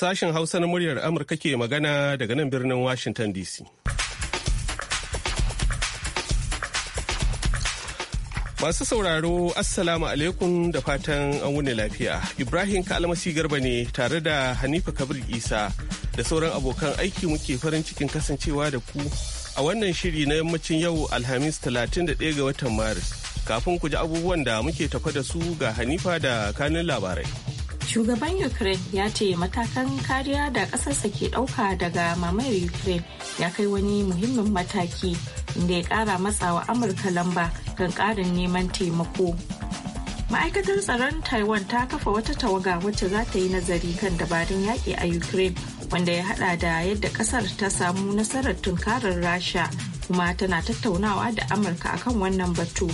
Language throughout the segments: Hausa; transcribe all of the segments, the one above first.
Sashen Hausa na muryar Amurka ke magana daga nan birnin Washington DC. Masu sauraro, Assalamu alaikum da fatan an wuni lafiya. Ibrahim Kalmasi Garba ne tare da Hanifa Kabir Isa da sauran abokan aiki muke farin cikin kasancewa da ku a wannan shiri na yammacin yau Alhamis 31 ga watan Maris. Kafin ku ji abubuwan da muke tafa da su ga Hanifa da kanun labarai. shugaban ukraine ya ce matakan kariya da ƙasarsa ke ɗauka daga mamayar ukraine ya kai wani muhimmin mataki inda ya ƙara matsawa amurka lamba kan ƙarin neman taimako ma'aikatar tsaron taiwan ta kafa wata tawaga wacce za ta yi nazari kan dabarun yaƙi a ukraine wanda ya hada da yadda ƙasar ta samu nasarar tunkarar rasha kuma tana tattaunawa da amurka akan wannan batu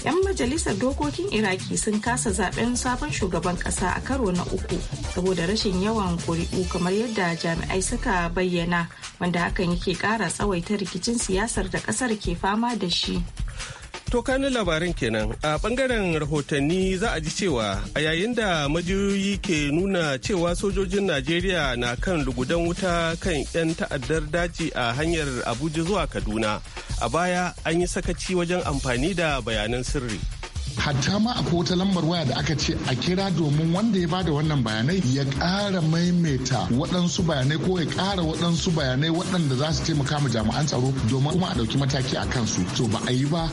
'yan majalisar dokokin iraki sun kasa zaben sabon shugaban kasa a karo na uku saboda rashin yawan kuri'u kamar yadda jami'ai suka bayyana wanda hakan yake kara tsawaita rikicin siyasar da kasar ke fama da shi To kanin labarin kenan a bangaren rahotanni za a ji cewa a yayin da majiyoyi ke nuna cewa sojojin Najeriya na kan lugudan wuta kan 'yan ta'addar daji a hanyar Abuja zuwa Kaduna. A baya an yi sakaci wajen amfani da bayanan sirri. hatta ma akwai wata lambar waya da aka ce a kira domin wanda ya bada wannan bayanai ya kara maimaita waɗansu bayanai ko ya kara waɗansu bayanai waɗanda za su taimaka ma jami'an tsaro domin kuma a ɗauki mataki a kansu to ba a yi ba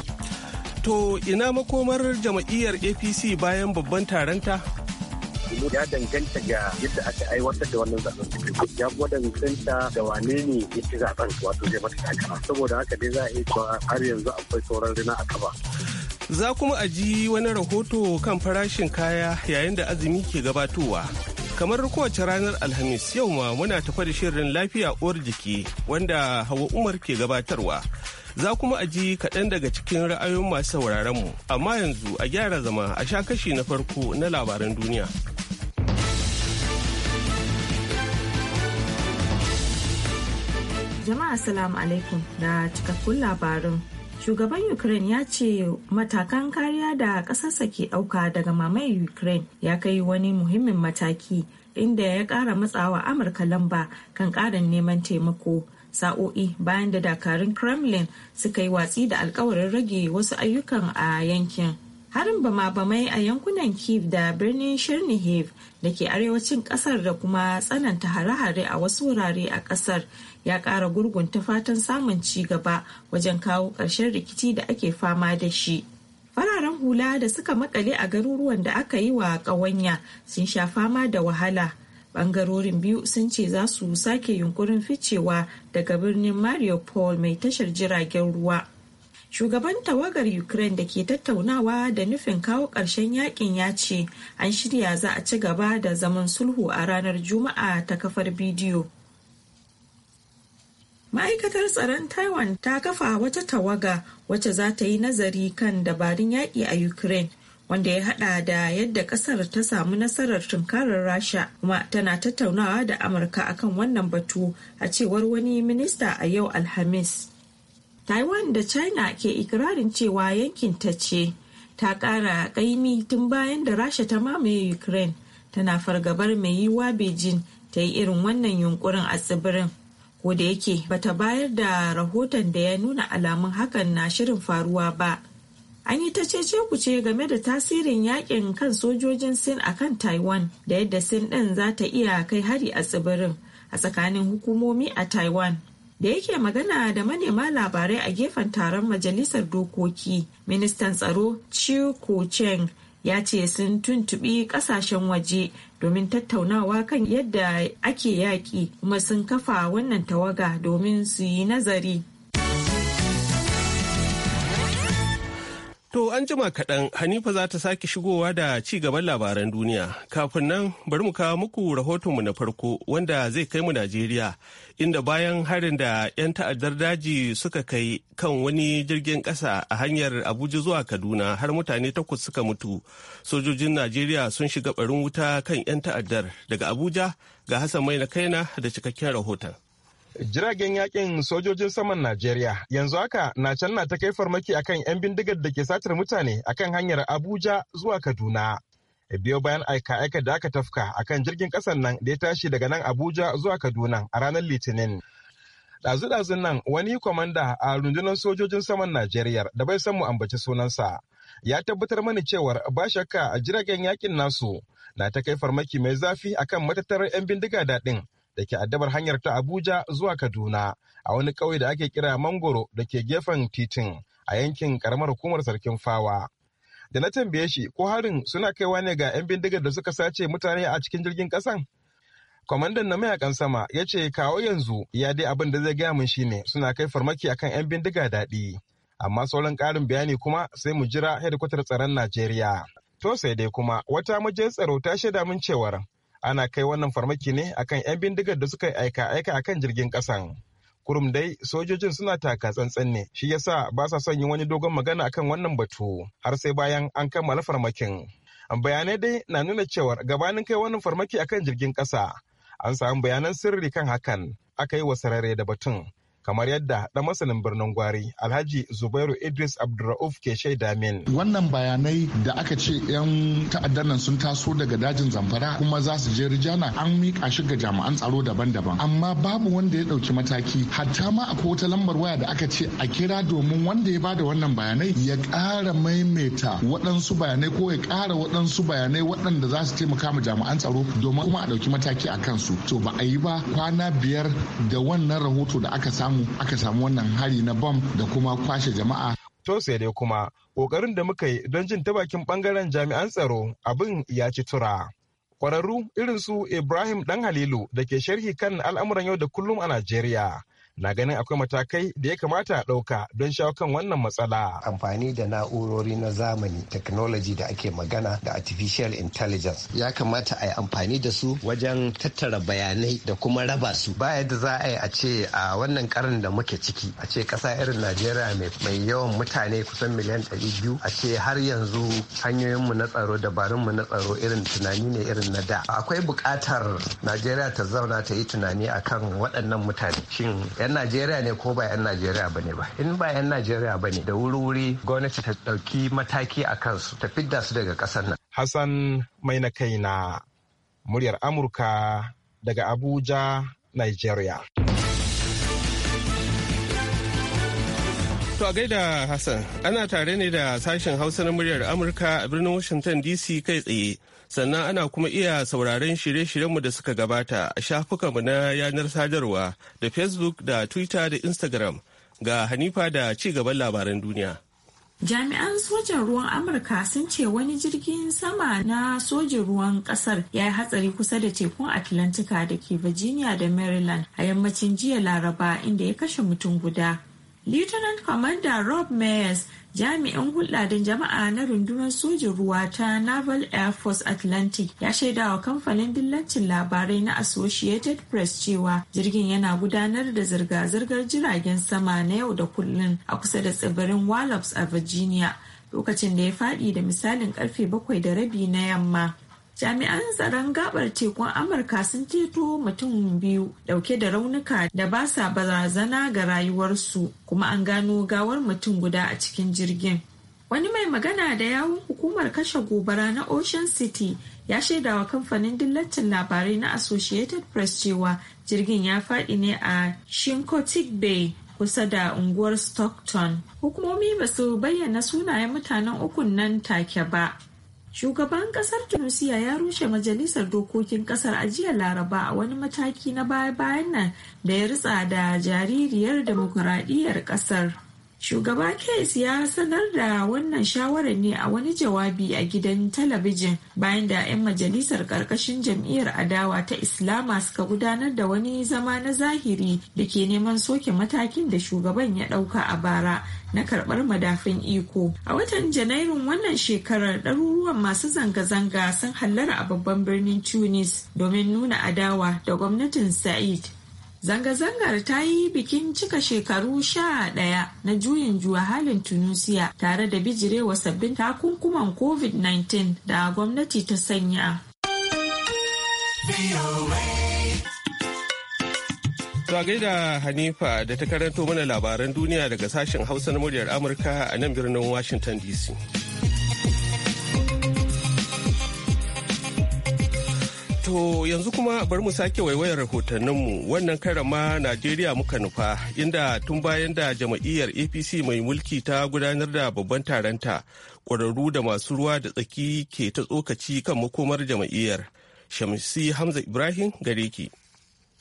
To ina makomar jama'iyyar APC bayan babban taronta? ya danganta ga yadda aka aiwatar da wannan zaben ya kuma danganta da wane ne ya ci zaben wato zai mata takara saboda haka dai za a yi har yanzu akwai sauran rina a kaba za kuma a ji wani rahoto kan farashin kaya yayin da azumi ke gabatowa kamar kowace ranar alhamis yau ma muna tafa da shirin lafiya uwar jiki wanda hawa umar ke gabatarwa Za kuma a ji kaɗan daga cikin ra'ayoyin masu sauraronmu? Amma yanzu a gyara zama a sha kashi na farko na labaran duniya. Jama'a Salamu alaikum da cikakkun labarin. shugaban ukraine ya ce matakan kariya da ƙasarsa ke ɗauka daga mamayar ukraine ya kai wani muhimmin mataki inda ya ƙara matsawa amurka lamba kan ƙarin neman taimako sa'o'i bayan da dakarun kremlin suka yi watsi da alkawarin rage wasu ayyukan a yankin harin bama-bamai a yankunan kiev da birnin chernihiv da ke arewacin kasar da kuma tsananta hare-hare a wasu wurare a kasar ya kara gurgunta fatan samun ci gaba wajen kawo ƙarshen rikici da ake fama da shi fararen hula da suka makale a garuruwan da aka yi wa ƙawanya sun sha fama da wahala bangarorin biyu sun ce za su sake yunkurin ficewa daga birnin mariupol mai tashar jiragen ruwa shugaban tawagar ukraine da ke tattaunawa da nufin kawo ƙarshen yakin ya ce an shirya za a ci gaba da zaman sulhu a ranar juma'a ta kafar bidiyo ma'aikatar tsaron taiwan ta kafa wata tawaga wacce za ta yi nazari kan dabarun yaƙi a ukraine wanda ya hada da yadda kasar ta samu nasarar tunkarar rasha kuma tana tattaunawa da amurka akan wannan batu a cewar wani minista a yau alhamis taiwan da china ke ikirarin cewa yankin ta ce ta kara kaimi tun bayan da rasha ta mamaye ukraine tana fargabar mai yiwa beijing ta yi irin wannan yunkurin a tsibirin ko da yake bata bayar da rahoton da ya nuna alamun hakan na shirin faruwa ba an yi ta cece kuce game da tasirin yakin kan sojojin sin a kan taiwan da yadda sin ɗin za ta iya kai hari a tsibirin a tsakanin hukumomi a taiwan da yake magana da manema labarai a gefen taron majalisar dokoki ministan tsaro chiu ko-cheng ya ce sun tuntuɓi ƙasashen waje domin tattaunawa kan yadda ake yaƙi kuma sun kafa wannan tawaga domin su yi nazari To an jima kaɗan Hanifa za ta sake shigowa da ci gaban labaran duniya. Kafin nan bari mu kawo muku rahotonmu na farko wanda zai kai mu Najeriya inda bayan harin da 'yan ta'addar daji suka kai kan wani jirgin ƙasa a hanyar Abuja zuwa Kaduna har mutane takwas suka mutu. Sojojin Najeriya sun shiga barin wuta kan 'yan ta'addar daga Abuja ga Hassan Mai na kaina da cikakken rahoton. Jiragen yakin sojojin saman Najeriya yanzu haka na can na ta kai farmaki akan 'yan bindigar da ke satar mutane akan hanyar Abuja zuwa Kaduna. Biyo bayan aika aika da aka tafka akan jirgin kasan nan da ya tashi daga nan Abuja zuwa Kaduna a ranar Litinin. Ɗazu-ɗazun nan wani kwamanda a rundunar sojojin saman Najeriya da bai san mu ambaci sunansa. ya tabbatar mani cewar ba shakka a jiragen yakin nasu na ta kai farmaki mai zafi akan matattarar 'yan bindiga daɗin da ke addabar hanyar ta Abuja zuwa Kaduna a wani ƙauye da ake kira Mangoro da ke gefen titin a yankin karamar hukumar sarkin fawa. Da na tambaye shi ko harin suna kaiwa ne ga 'yan bindigar da suka sace mutane a cikin jirgin ƙasan? Kwamandan na mayakan sama ya ce kawo yanzu ya dai abin da zai gaya mun shi ne suna kai farmaki akan 'yan bindiga daɗi. Amma sauran ƙarin bayani kuma sai mu jira hedikwatar tsaron Najeriya. To sai dai kuma wata majiyar tsaro ta shaida min cewar ana kai wannan farmaki ne akan 'yan bindigar da suka yi aika aika akan jirgin kasan kurum dai sojojin suna taka tsantsan ne shi yasa ba sa son yin wani dogon magana akan wannan batu har sai bayan an kammala farmakin bayanai dai na nuna cewar gabanin kai wannan farmaki akan jirgin kasa an samu bayanan sirri kan hakan aka yi wa sarare da batun kamar yadda ɗan masanin birnin gwari alhaji zubairu idris abdulrauf ke shaida min wannan bayanai da aka ce yan ta'addar sun taso daga dajin zamfara kuma za su je rijana an miƙa shi ga jami'an tsaro daban-daban amma babu wanda ya ɗauki mataki hatta ma akwai wata lambar waya da aka ce a kira domin wanda ya bada wannan bayanai ya ƙara maimaita waɗansu bayanai ko ya ƙara waɗansu bayanai waɗanda za su taimaka ma jami'an tsaro domin kuma a ɗauki mataki a kansu to ba a yi ba kwana biyar da wannan rahoto da aka samu samu aka samu wannan hari na bom da kuma kwashe jama'a to sai dai kuma kokarin da muka yi don jin ta bakin bangaren jami'an tsaro abin ya ci tura kwararru irin su ibrahim dan halilu da ke sharhi kan al'amuran yau da kullum a najeriya na ganin akwai matakai da ya kamata a ɗauka don shawo kan wannan matsala. Amfani da na'urori na zamani technology da ake magana da artificial intelligence ya kamata a yi amfani da su wajen tattara bayanai da kuma raba su. Ba yadda za a yi a ce a wannan karin da muke ciki a ce ƙasa irin Najeriya mai yawan mutane kusan miliyan ɗari biyu a ce har yanzu hanyoyinmu na tsaro dabarunmu na tsaro irin tunani ne irin na da. Akwai buƙatar Najeriya ta zauna ta yi tunani akan waɗannan mutane. Shin 'yan najeriya ne ko ba 'yan najeriya bane ba in ba 'yan najeriya bane da wuri-wuri gwamnati ta ɗauki mataki a kansu ta fidda su daga ƙasar nan hassan mai na kai na muryar amurka daga abuja nigeria To a gaida Hassan, ana tare ne da sashen Hausa na muryar Amurka a birnin Washington DC kai tsaye. sannan ana kuma iya sauraron shirye-shiryenmu da suka gabata a mu na yanar sadarwa da facebook da twitter da instagram ga hanifa da ci gaban labaran duniya Jami'an sojan ruwan Amurka sun ce wani jirgin sama na sojin ruwan kasar ya yi hatsari kusa da tekun Atlantika da ke Virginia da Maryland a yammacin jiya Laraba inda ya kashe mutum guda. Lieutenant Commander Rob Mayers jami'in hulɗa da jama'a na rundunar sojin ruwa ta naval air force atlantic ya shaidawa kamfanin dillancin labarai na associated press cewa jirgin yana gudanar da zirga-zirgar jiragen sama na yau da kullun a kusa da tsibirin wallops a virginia lokacin da ya faɗi da misalin karfe bakwai da rabi na yamma jami'an tsaron gabar tekun amurka sun ceto mutum biyu dauke da raunuka da ba sa barazana ga rayuwarsu kuma an gano gawar mutum guda a cikin jirgin wani mai magana da yawun hukumar kashe gobara na ocean city ya shaidawa kamfanin dillacin labarai na associated press cewa jirgin ya faɗi ne a shinkotik bay kusa da unguwar stockton hukumomi ba su bayyana sunayen mutanen ukun nan take ba Shugaban kasar Tunisia ya rushe majalisar dokokin kasar a jiya Laraba a wani mataki na baya-bayan nan da ya ritsa da jaririyar demokuraɗiyyar kasar. Shugaba kes ya sanar da wannan shawarar ne a wani jawabi a gidan talabijin bayan da 'yan majalisar ƙarƙashin jam'iyyar adawa ta Islama suka gudanar da wani zama na zahiri da ke neman soke matakin da shugaban ya ɗauka a bara na karɓar madafin iko. A watan Janairun wannan shekarar ɗaruruwan masu zanga-zanga sun hallara a babban birnin Tunis domin nuna adawa da gwamnatin Said. Zanga-zangar ta yi bikin cika shekaru sha ɗaya na juyin juwa halin Tunisia, tare da bijirewa sabbin takunkuman COVID-19 da gwamnati ta sanya. To gaida Hanifa da ta karanto mana labaran duniya daga sashen Hausa na muryar Amurka a nan birnin Washington DC. To yanzu kuma bari mu sake waiwayar rahotanninmu wannan karama Najeriya muka nufa inda tun bayan da jama'iyyar APC mai mulki ta gudanar da babban taronta ƙwararru da masu ruwa da tsaki ke ta tsokaci kan makomar jama'iyyar. Shamsi Hamza Ibrahim Gareki.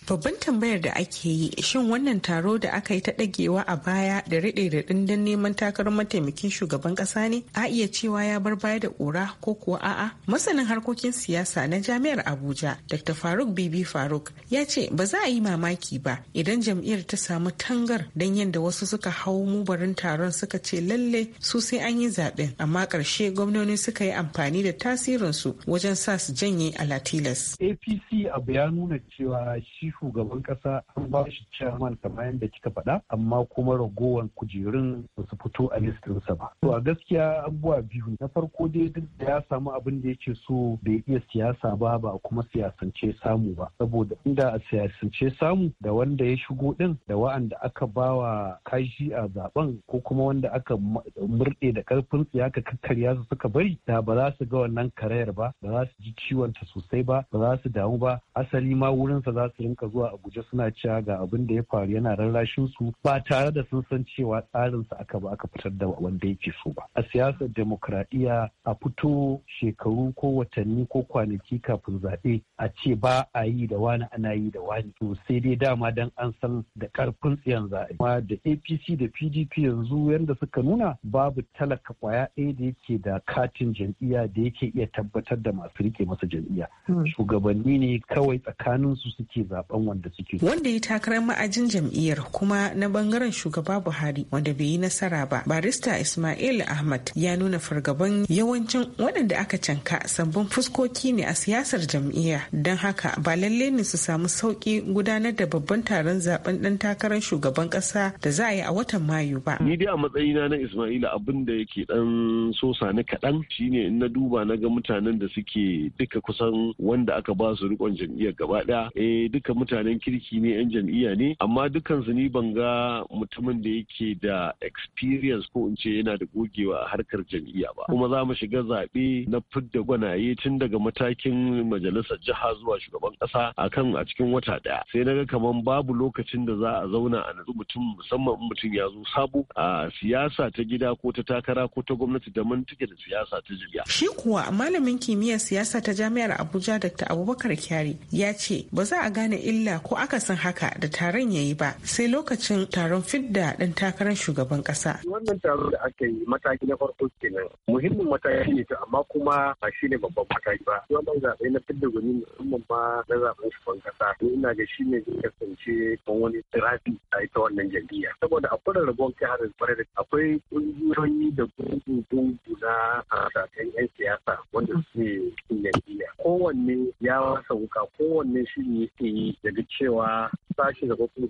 Babban tambayar da ake yi shin wannan taro da aka yi ta dagewa a baya da riɗe da dindin neman takarar mataimakin shugaban ƙasa ne a iya cewa ya bar baya da ƙura ko kuwa a'a? Masanin harkokin siyasa na jami'ar Abuja Dr. Faruk Bibi Faruk ya ce ba za a yi mamaki ba idan jam'iyyar ta samu tangar dan yadda wasu suka hau mubarin taron suka ce lalle su sai an yi zaɓen amma ƙarshe gwamnoni suka yi amfani da tasirinsu wajen sa su janye a latilas. APC abu ya nuna cewa shi shugaban kasa an ba shi chairman kamar yadda kika faɗa amma kuma ragowar kujerun ba su fito a listinsa ba to a gaskiya abubuwa biyu na farko dai duk da ya samu abin da yake so bai iya siyasa ba ba kuma siyasance samu ba saboda inda a siyasance samu da wanda ya shigo din da wa'anda aka bawa kashi a zaben ko kuma wanda aka murɗe da karfin ya ka kakkarya su suka bari da ba za su ga wannan karayar ba ba za su ji ciwon ta sosai ba ba za su damu ba asali ma wurinsa za su rinka rika zuwa abuja suna cewa ga abin da ya faru yana rarrashin su ba tare da sun san cewa tsarin sa aka ba aka fitar da wanda yake so ba a siyasar demokradiyya a fito shekaru ko watanni ko kwanaki kafin zaɓe a ce ba a yi da wani ana yi da wani to sai dai dama dan an san da karfin tsiyan zaɓe. Kuma da apc da pdp yanzu yadda suka nuna babu talaka kwaya ɗaya da yake da katin jam'iyya da yake iya tabbatar da masu rike masa jam'iyya hmm. shugabanni ne kawai tsakaninsu suke zaɓa ɗan wanda suke wanda ya takarar ma'ajin jam'iyyar kuma na bangaren shugaba Buhari wanda bai yi nasara ba barista Ismail Ahmad ya nuna fargaban yawancin waɗanda aka canka sabbin fuskoki ne a siyasar jam'iyya don haka ba lalle ne su samu sauki gudanar da babban taron zaben ɗan takarar shugaban ƙasa da za a yi a watan mayu ba ni dai a matsayina na isma'il abin da yake ɗan sosa ni kaɗan shine in na duba na ga mutanen da suke duka kusan wanda aka ba su rikon jam'iyyar gaba ɗaya eh duka mutanen kirki ne 'yan jam'iyya ne amma dukansu ni ban ga mutumin da yake da experience ko in ce yana da gogewa a harkar jam'iyya ba kuma za mu shiga zaɓe na fidda gwanaye tun daga matakin majalisar jiha zuwa shugaban ƙasa akan a cikin wata ɗaya sai naga ga kamar babu lokacin da za a zauna a nazu mutum musamman mutum ya zo sabo a siyasa ta gida ko ta takara ko ta gwamnati da mun take da siyasa ta jam'iyya. Shi kuwa malamin kimiyyar siyasa ta jami'ar Abuja Dr. Abubakar Kyari ya ce ba za a gane illa ko aka san haka da taron ya yi ba sai lokacin taron fidda ɗan takarar shugaban ƙasa. Wannan taron da aka yi mataki na farko kenan muhimmin mataki ne amma kuma ba shi ne babban mataki ba. Wannan zaɓe na fidda gani musamman ma na zaɓen shugaban ƙasa. Ni ina ga shi ne zai kasance kan wani tirafi a ita wannan jam'iyya. Saboda akwai rabon kai har kwarai da akwai ƙungiyoyi da gungu-gungu a zaɓen 'yan siyasa wanda suke cikin jam'iyya. Kowanne ya wasa wuka kowanne shi ne yake yi daga cewa sashi da kuma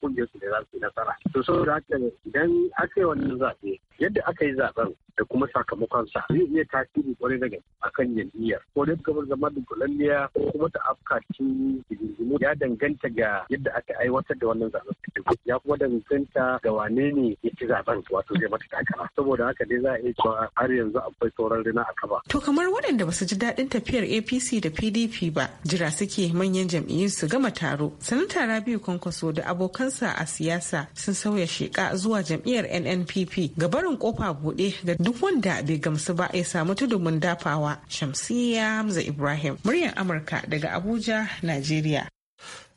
kungiyar su da za su yi nasara. To saboda haka idan aka yi wannan zaɓe yadda aka yi zaɓen da kuma sakamakonsa zai iya tasiri kwarai da gaske kan jam'iyyar ko dai kamar zama da gulalliya ko kuma ta afka cikin ya danganta ga yadda aka aiwatar da wannan zaɓen ya kuma danganta ga wane ne ya ci zaɓen wato zai mata takara saboda haka dai za a iya cewa har yanzu akwai sauran rina a kaba. To kamar waɗanda ba su ji daɗin tafiyar APC da PDP ba jira suke manyan jam'iyyun su gama taro sanata rabiu kwankwaso da abokansa a siyasa sun sauya sheka zuwa jam'iyyar nnpp ga barin kofa buɗe ga duk wanda bai gamsu ba ya samu tudumin dafawa shamsiyya hamza ibrahim muryar amurka daga abuja najeriya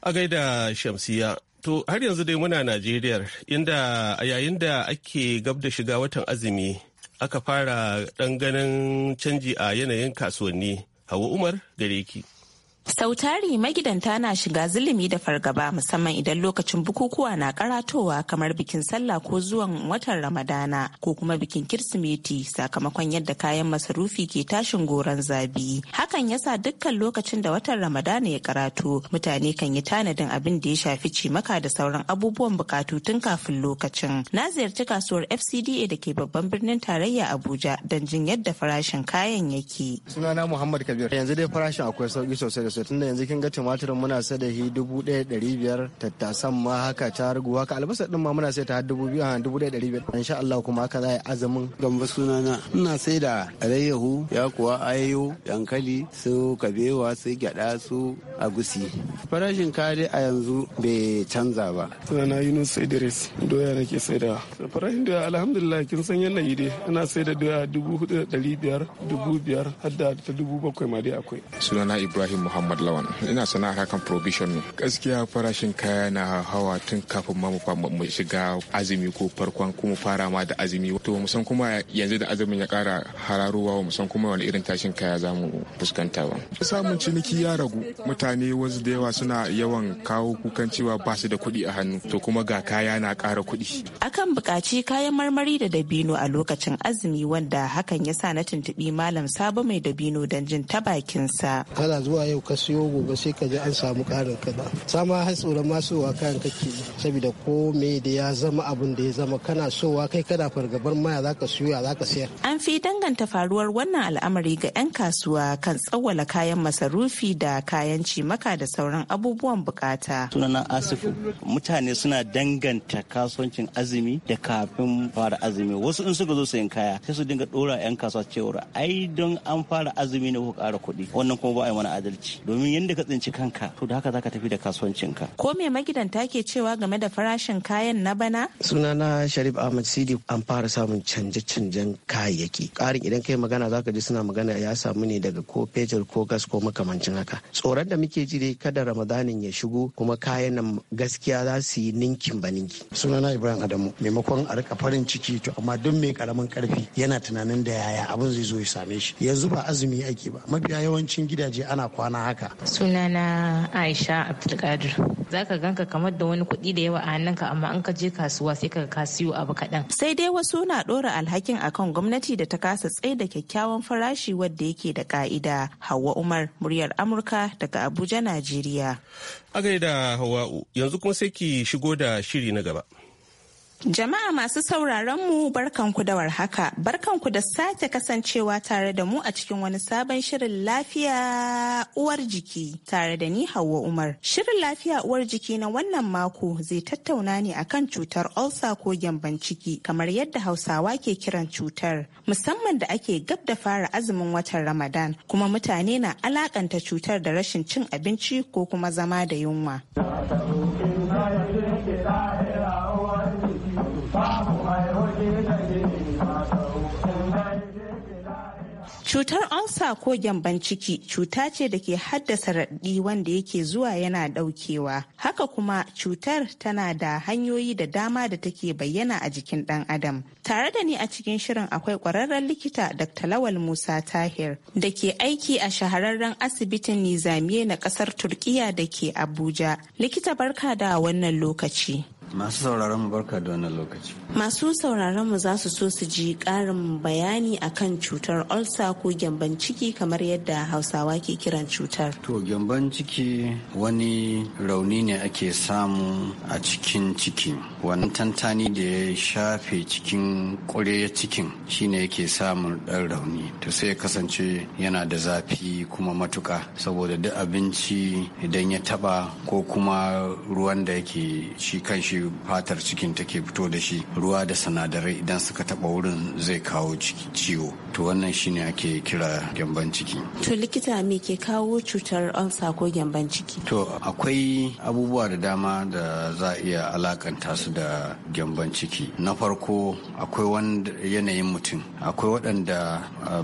a gaida shamsiya To har yanzu dai muna Najeriya inda a yayin da ake gab da shiga watan azumi aka fara ɗan ganin canji a yanayin kasuwanni. Hawa Umar gare ki. Sautari magidanta na shiga zulumi da fargaba musamman idan lokacin bukukuwa na karatowa kamar bikin sallah ko zuwan watan Ramadana ko kuma bikin Kirsimeti sakamakon yadda kayan masarufi ke tashin goron zabi. Hakan yasa dukkan lokacin da watan Ramadana ya karato mutane kan yi tanadin abin da ya shafi cimaka da sauran abubuwan bukatu tun kafin lokacin. Na ziyarci kasuwar FCDA da ke babban birnin tarayya Abuja don jin yadda farashin kayan yake. Sunana Muhammad Kabir yanzu dai farashin akwai sauki sosai so tunda yanzu kin ga tumatir muna sai da dubu ɗaya ɗari biyar tattasan ma haka ta rugu haka albasa ɗin ma muna sai ta har dubu biyu a dubu ɗaya ɗari biyar sha Allah kuma haka za a yi azumin. Gamba sunana ina sai da alayyahu ya kuwa ayo dankali su kabewa su gyaɗa su agusi. Farashin kare a yanzu bai canza ba. Sunana Yunus res doya nake sai da. Farashin doya alhamdulillah kin san yi dai ana sai da doya dubu hudu da ɗari biyar dubu biyar har da ta dubu bakwai ma dai akwai. Sunana Ibrahim Muhammad. Muhammad Lawan ina sana'ar hakan provision ne gaskiya farashin kaya na hawa tun kafin mu shiga azumi ko farkon kuma fara ma da azumi to musan kuma yanzu da azumin ya kara hararowa wa musan kuma wani irin tashin kaya za mu fuskanta ba samun ciniki ya ragu mutane wasu da yawa suna yawan kawo kukan cewa ba su da kuɗi a hannu to kuma ga kaya na kara kuɗi akan buƙaci kayan marmari da dabino a lokacin azumi wanda hakan ya sa na tuntuɓi malam sabo mai dabino don jin ta bakinsa kana zuwa yau ka ka siyo gobe sai ka ji an samu karin kaza sama har tsoron ma wa kayan kake saboda ko me da ya zama abin da ya zama kana sowa kai kana fargabar maya za ka siyo ya za ka sayar. an fi danganta faruwar wannan al'amari ga 'yan kasuwa kan tsawwala kayan masarufi da kayan cimaka da sauran abubuwan bukata. sunana asifu mutane suna danganta kasuwancin azumi da kafin fara azumi wasu in suka zo sayan kaya sai su dinga dora 'yan kasuwa cewa ai don an fara azumi ne ko kara kuɗi wannan kuma ba a yi mana adalci domin yadda ka tsinci kanka to da haka zaka tafi da kasuwancinka ko me magidanta ke cewa game da farashin kayan na bana sunana sharif ahmad sidi an fara samun canje-canjen kayayyaki Karin idan kai magana zaka ji suna magana ya samu ne daga ko fetur ko gas ko makamancin haka tsoron da muke ji dai kada ramadanin ya shigo kuma kayan nan gaskiya za su yi ninkin ba ninki sunana ibrahim adamu maimakon a rika farin ciki to amma duk mai karamin karfi yana tunanin da yaya abin zai zo ya same shi yanzu ba azumi ake ba mafiya yawancin gidaje ana kwana haka haka sunana aisha abdulkadir zaka ganka kamar da wani kuɗi da yawa a hannun ka, amma an ka je kasuwa sai ka ka siyo abu kaɗan sai dai wasu na ɗora alhakin a kan gwamnati da ta kasa tsaye da kyakkyawan farashi wadda yake da ka'ida hawa umar muryar amurka daga abuja najeriya a gaida hawa'u yanzu kuma sai ki shigo da shiri na gaba Jama'a masu sauraron mu barkanku da warhaka, barkanku da sake kasancewa tare da mu a cikin wani sabon shirin lafiya uwar jiki tare da ni Hauwa Umar. Shirin lafiya uwar jiki na wannan mako zai tattauna ne akan cutar ulcer ko gyamban ciki kamar yadda Hausawa ke kiran cutar, musamman da ake gab da fara azumin watan Ramadan kuma mutane na alakanta cutar da rashin cin abinci ko kuma zama da yunwa. Cutar ansa ko gyamban ciki cuta ce da ke haddasa raɗi wanda yake zuwa yana ɗaukewa. Haka kuma cutar tana da hanyoyi da dama da take bayyana a jikin ɗan adam. Tare da ni a cikin shirin akwai ƙwararren likita Dr. Lawal Musa Tahir da ke aiki a shahararren asibitin Nizamiye na ƙasar Turkiya da ke Abuja. Likita barka da wannan lokaci. Masu sauraron mu barka da wannan lokaci. Masu sauraron mu za su so su ji ƙarin bayani akan cutar ulcer ko gyamban ciki kamar yadda Hausawa ke kiran cutar. To gyamban ciki wani rauni ne ake samu a cikin ciki. Wani tantani da ya shafe cikin ƙure cikin shine yake samun ɗan rauni. To sai ya kasance yana da zafi kuma matuƙa saboda duk abinci idan ya taɓa ko kuma ruwan da yake shi kan shi shi fatar cikin take fito da shi ruwa da sinadarai idan suka taba wurin zai kawo ciwo to wannan shine ake kira gyamban ciki to likita me ke kawo cutar ansa ko gyamban ciki to akwai abubuwa da dama da za a iya alakanta su da gyamban ciki na farko akwai wani yanayin mutum akwai waɗanda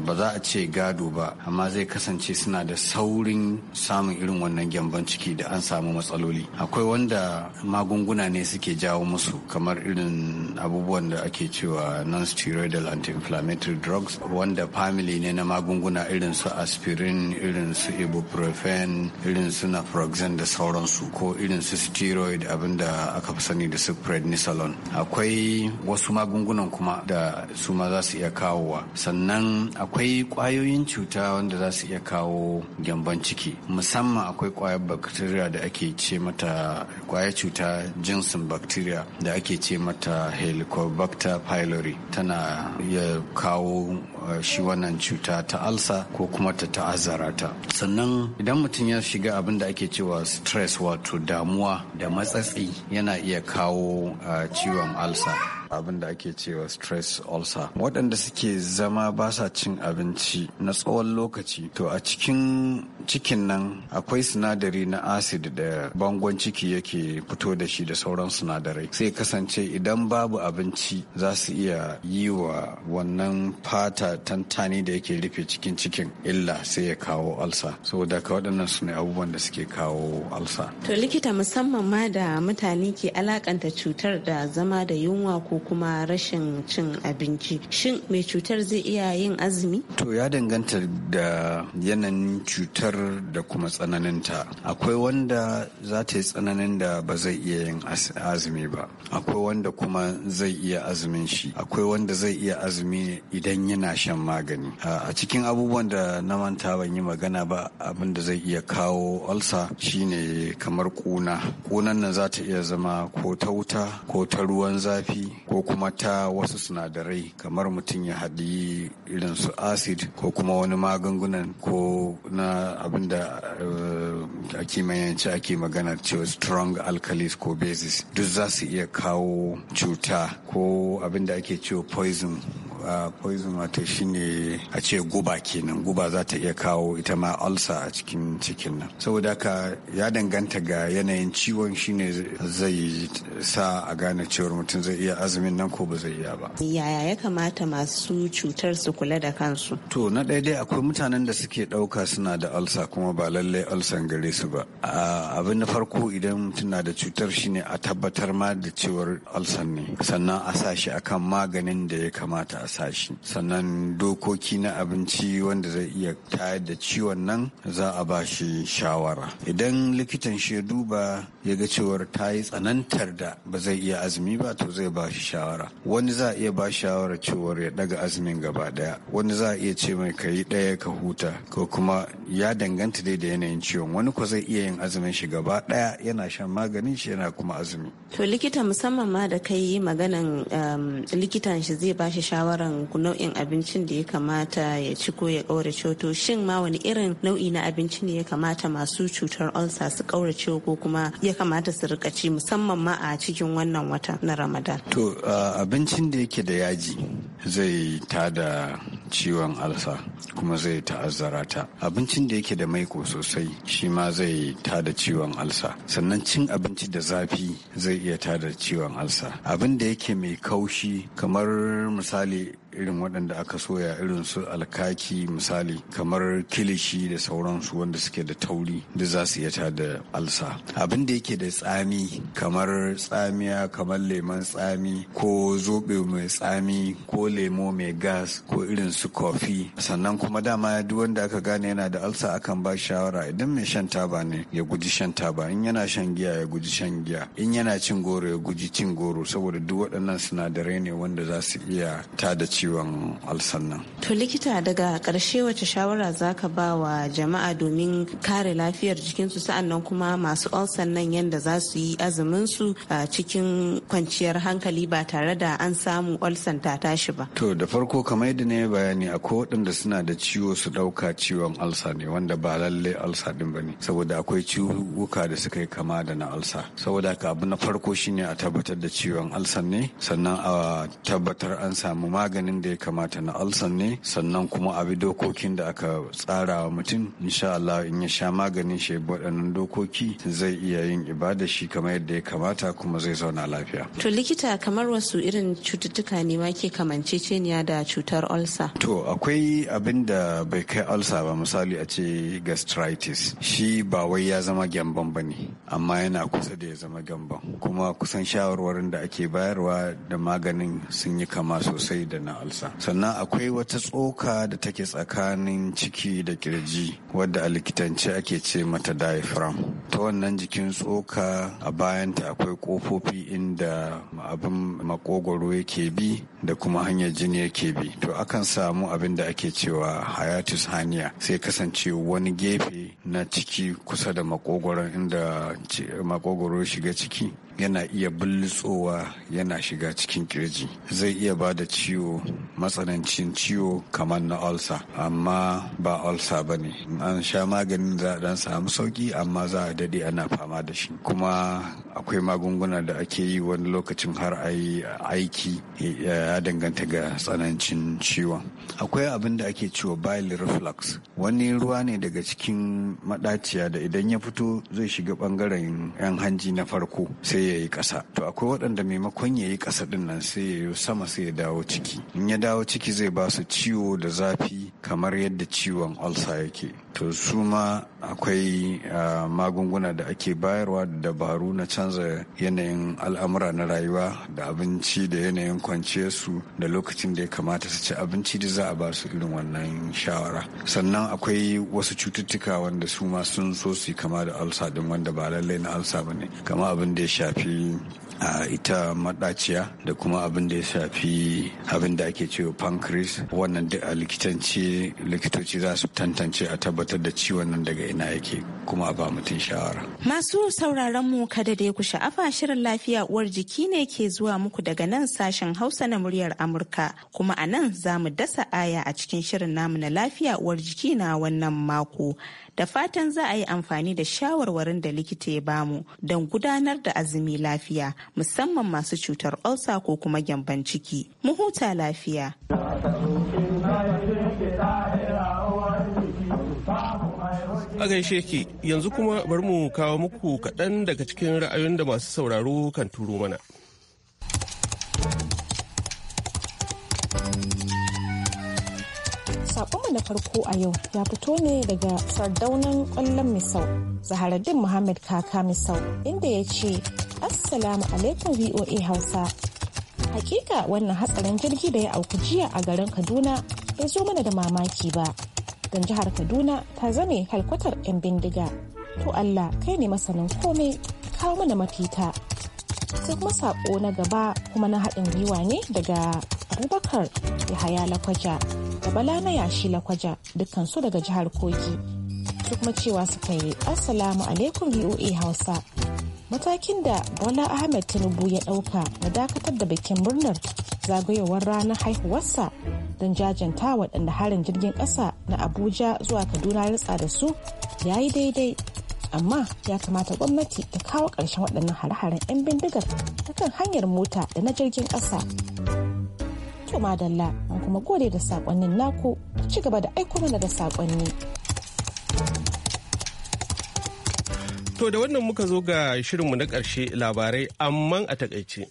ba za a ce gado ba amma zai kasance suna da saurin samun irin wannan gyamban ciki da an samu matsaloli akwai wanda magunguna ne suke suke jawo musu kamar irin abubuwan da ake cewa non-steroidal anti-inflammatory drugs wanda family ne na magunguna irin su aspirin irin su ibuprofen irin su naproxen da sauransu ko irin su steroid abinda aka fi sani da su prednisolone akwai wasu magungunan kuma da su ma za su iya kawowa sannan akwai kwayoyin cuta wanda za su iya kawo gyamban ciki musamman akwai kwayar bacteria da ake ce mata kwayar cuta jinsin bacteria da ake ce mata helicobacter pylori tana ya kawo eh, shi wannan cuta ta alsa ko kuma ta ta'azzara ta sannan idan mutum ya shiga abin da ake cewa stress wato damuwa da matsatsi yana iya kawo eh, ciwon alsa abin da ake cewa stress ulcer waɗanda suke zama ba sa cin abinci na tsawon lokaci to a cikin cikin nan akwai sinadari na acid da bangon ciki yake fito da shi da sauran sinadarai sai kasance idan babu abinci za su iya yi wa wannan fata tantani da yake rufe cikin cikin illa sai ya kawo alsa saboda ka waɗannan su ne abubuwan da suke kawo alsa to likita musamman ma da mutane ke alakanta cutar da zama da yunwa ko kuma rashin cin abinci shin mai cutar zai iya yin azumi to ya danganta da yanayin cutar da kuma tsananin ta. akwai wanda za ta yi tsananin da ba zai iya yin azumi ba akwai wanda kuma zai iya azumin shi akwai wanda zai iya azumi idan yana shan magani a cikin abubuwan da na manta ban yi magana ba abin da zai iya kawo alsa shine kamar kuna kunan nan za ta iya zama ko ta wuta ko ta ruwan zafi ko kuma ta wasu sinadarai kamar mutum ya haɗi irin su acid ko kuma wani magungunan ko na abin da eh, a kimiyyance ake magana cewa strong alkalis ko basis duk za su iya kawo cuta ko abin da ake cewa poison A uh, poison wato shine a ce guba kenan guba za ta iya kawo ita ma ulcer a cikin cikin nan saboda haka ya danganta ga yanayin ciwon shine zai sa a gane cewar mutum zai iya azumin nan ko ba zai iya ba yaya ya kamata masu cutar su kula da kansu to na ɗaya dai akwai mutanen da suke ɗauka suna da ulcer kuma ba lallai ulcer gare su ba uh, abin na farko idan mutum na da cutar shine a tabbatar ma da cewar ulcer ne sannan a sa shi akan maganin da ya kamata a bunƙasa sannan dokoki na abinci wanda zai iya tayar da ciwon nan za a ba shi shawara idan likitan shi ya duba ya ga cewar ta yi tsanantar da ba zai iya azumi ba to zai ba shi shawara wani za a iya ba shawara cewar ya daga azumin gaba daya wani za a iya ce mai ka yi daya ka huta ko kuma ya danganta dai da yanayin ciwon wani ko zai iya yin azumin shi gaba daya yana shan maganin shi yana kuma azumi to likita musamman ma da kai maganan um, likitan shi zai ba shi shawara tsarin nau'in abincin da ya kamata ya ci ko ya kaura to shin ma wani irin nau'i na abinci ne ya kamata masu cutar ulcer su kaurace ko kuma ya kamata su rika ci musamman ma a cikin wannan wata na Ramadan to abincin da yake da yaji zai tada ciwon alsa kuma zai ta'azzara ta abincin da yake da maiko sosai shi ma zai tada ciwon alsa sannan cin abinci da zafi zai iya tada ciwon alsa abin da yake mai kaushi kamar misali irin waɗanda aka soya irin su alkaki misali kamar kilishi da sauransu wanda suke da tauri da za su yata da alsa abin da yake da tsami kamar tsamiya kamar lemon tsami ko zobe mai tsami ko lemo mai gas ko irin su kofi sannan kuma dama duk wanda aka gane yana da alsa akan ba shawara idan mai shan taba ne ya guji shan taba in yana shan giya ya guji shan giya in yana cin goro ya guji cin goro saboda duk waɗannan sinadarai ne wanda za su iya tada ci ciwon alsan nan. To likita daga karshe wace shawara za ka ba wa jama'a domin kare lafiyar jikinsu sa'annan kuma masu alsan nan yadda za su yi azumin su cikin kwanciyar hankali ba tare da an samu alsan ta tashi ba. To da farko kamar yadda ne bayani akwai waɗanda suna da ciwo su ɗauka ciwon alsa ne wanda ba lallai alsa ɗin ba ne saboda akwai ciwuka da suka yi kama da na alsa saboda haka abu na farko shine a tabbatar da ciwon alsan ne sannan a tabbatar an samu maganin maganin da ya kamata na alsan ne sannan kuma abi dokokin da aka tsara wa mutum insha Allah in ya sha maganin shi waɗannan dokoki zai iya yin ibada shi kamar yadda ya kamata kuma zai zauna lafiya. To likita kamar wasu irin cututtuka ne ma ke ceniya da cutar ulcer? To akwai abin da bai kai ulcer ba misali a ce gastritis shi ba wai ya zama gyamban ba ne amma yana kusa da ya zama gyamban kuma kusan shawarwarin da ake bayarwa da maganin sun yi kama sosai da na alsa sannan akwai wata tsoka da take tsakanin ciki da kirji wadda a likitance ake ce mata diaphragm ta wannan jikin tsoka a bayanta akwai kofofi inda abin makogwaro yake bi da kuma hanyar jini yake bi to akan samu abin da ake cewa hiatus hania sai kasance wani gefe na ciki kusa da makogwaron inda makogwaro shiga ciki yana iya bultsowa yana shiga cikin kirji zai iya ba da ciwo matsanancin ciwo kamar na ulcer amma ba ulcer ba ne an sha maganin za a dan samu sauki amma za a dade ana fama da shi kuma akwai magunguna da ake yi wani lokacin har a yi aiki ya danganta ga tsanancin ciwo. akwai abin da ake ciwo bile reflux wani ruwa ne daga cikin madaciya da idan ya fito zai shiga bangaren yan hanji na farko sai sai ya yi ƙasa to akwai waɗanda maimakon ya yi ƙasa ɗin nan sai ya yi sama sai ya dawo ciki in ya dawo ciki zai ba su ciwo da zafi kamar yadda ciwon ulcer yake to su ma akwai magunguna da ake bayarwa da dabaru na canza yanayin al'amura na rayuwa da abinci da yanayin kwanciyar su da lokacin da ya kamata su ci abinci da za a ba su irin wannan shawara sannan akwai wasu cututtuka wanda su ma sun so su yi kama da alsa din wanda ba lallai na alsa ba ne kama abin da ya shafi a ita maɗaciya da kuma abin da ya shafi abin da ake cewa pancreas wannan duk a likitanci likitoci za su tantance a tabbatar tabbatar da ciwon nan daga ina yake kuma a ba mutum shawara. Masu sauraron mu kada dai ku sha'afa shirin lafiya uwar jiki ne ke zuwa muku daga nan sashen Hausa na muryar Amurka kuma a nan za mu dasa aya a cikin shirin namu na lafiya uwar jiki na wannan mako. Da fatan za a yi amfani da shawarwarin da likita ya bamu don gudanar da azumi lafiya musamman masu cutar ulsa ko kuma gyamban ciki. Mu huta lafiya. A gaishe ki yanzu kuma bari mu kawo muku kaɗan daga cikin ra'ayoyin da masu sauraro kan turo mana. saƙonmu na farko a yau ya fito ne daga sardaunan ƙwallon misau Zaharaddin Muhammad Kaka misau inda ya ce Assalamu alaikum VOA Hausa. Hakika wannan hatsarin jirgi da ya auku jiya a garin Kaduna bai zo mana da mamaki ba. don jihar kaduna ta zame halkwatar 'yan bindiga to allah kai ne masanin komai kawo mana mafita sai kuma saƙo na gaba kuma na haɗin gwiwa ne daga abubakar yahaya lakwaja da bala na yashi lakwaja dukkansu daga jihar kogi su kuma cewa suka yi assalamu alaikum voa hausa matakin da bola ahmed tinubu ya ɗauka na dakatar da bikin murnar zagayowar ranar haihuwarsa don jajanta waɗanda harin jirgin ƙasa na abuja zuwa kaduna ritsa da su ya yi daidai amma ya kamata gwamnati ta kawo ƙarshen waɗannan hare-haren 'yan bindigar ta kan hanyar mota da na jirgin ƙasa. To madalla an kuma gode da saƙonnin naku ci gaba da aiko mana da saƙonni. To da wannan muka zo ga shirinmu na ƙarshe labarai amman a takaice.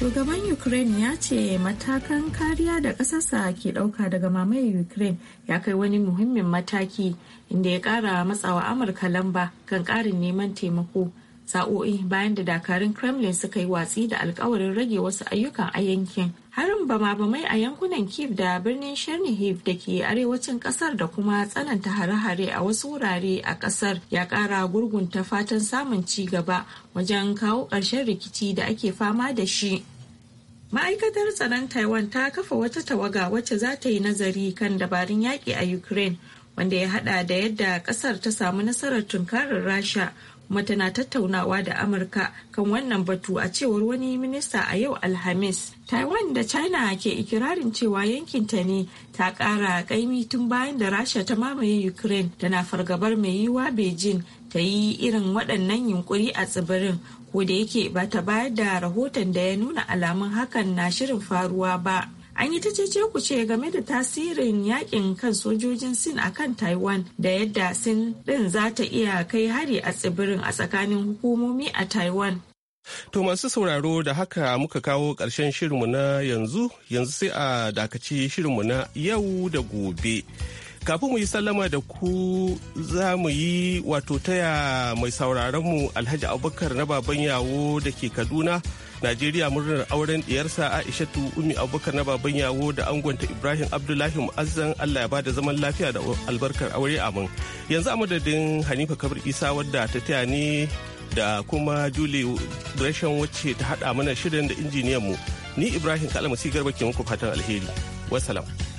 shugaban ukraine ya ce matakan kariya da ƙasarsa ke ɗauka daga mamayar ukraine ya kai wani muhimmin mataki inda ya ƙara matsawa amurka lamba kan ƙarin neman taimako sa'o'i bayan da dakarun kremlin suka yi watsi da alkawarin rage wasu ayyukan a yankin harin bama-bamai a yankunan kiev da birnin chernihiv da ke arewacin kasar da kuma tsananta hare-hare a wasu wurare a kasar ya kara gurgunta fatan samun ci gaba wajen kawo ƙarshen rikici da ake fama da shi ma'aikatar tsaron taiwan ta kafa wata tawaga wacce za ta yi nazari kan dabarun yaƙi a ukraine wanda ya haɗa da yadda ƙasar ta samu nasarar tunkarar rasha kuma tana tattaunawa da amurka kan wannan batu a cewar wani minista a yau alhamis taiwan da china ke ikirarin cewa yankinta ne ta ƙara ƙaimi tun bayan da rasha ta mamaye ukraine tana fargabar mai yiwuwa beijing ta yi irin waɗannan yunkuri a tsibirin da yake ba ta bayar da rahoton da ya nuna alamun hakan na shirin faruwa ba an yi ta cece ku ce game da tasirin yakin kan sojojin sin a kan taiwan da yadda sin din za ta iya kai hari a tsibirin a tsakanin hukumomi a taiwan To masu sauraro da haka muka kawo ƙarshen shirinmu na yanzu yanzu sai a dakaci shirinmu na yau da gobe. kafin mu yi sallama da ku za mu yi wato taya mai mu alhaji abubakar na baban yawo da ke kaduna najeriya murnar auren diyarsa aishatu umi abubakar na baban yawo da angonta ibrahim abdullahi mu'azzan allah ya ba da zaman lafiya da albarkar aure amin yanzu a madadin hanifa kabir isa wadda ta taya ne da kuma julie gresham wacce ta hada mana shirin da injiniyan mu ni ibrahim kalmasi garba ke muku fatan alheri wasalam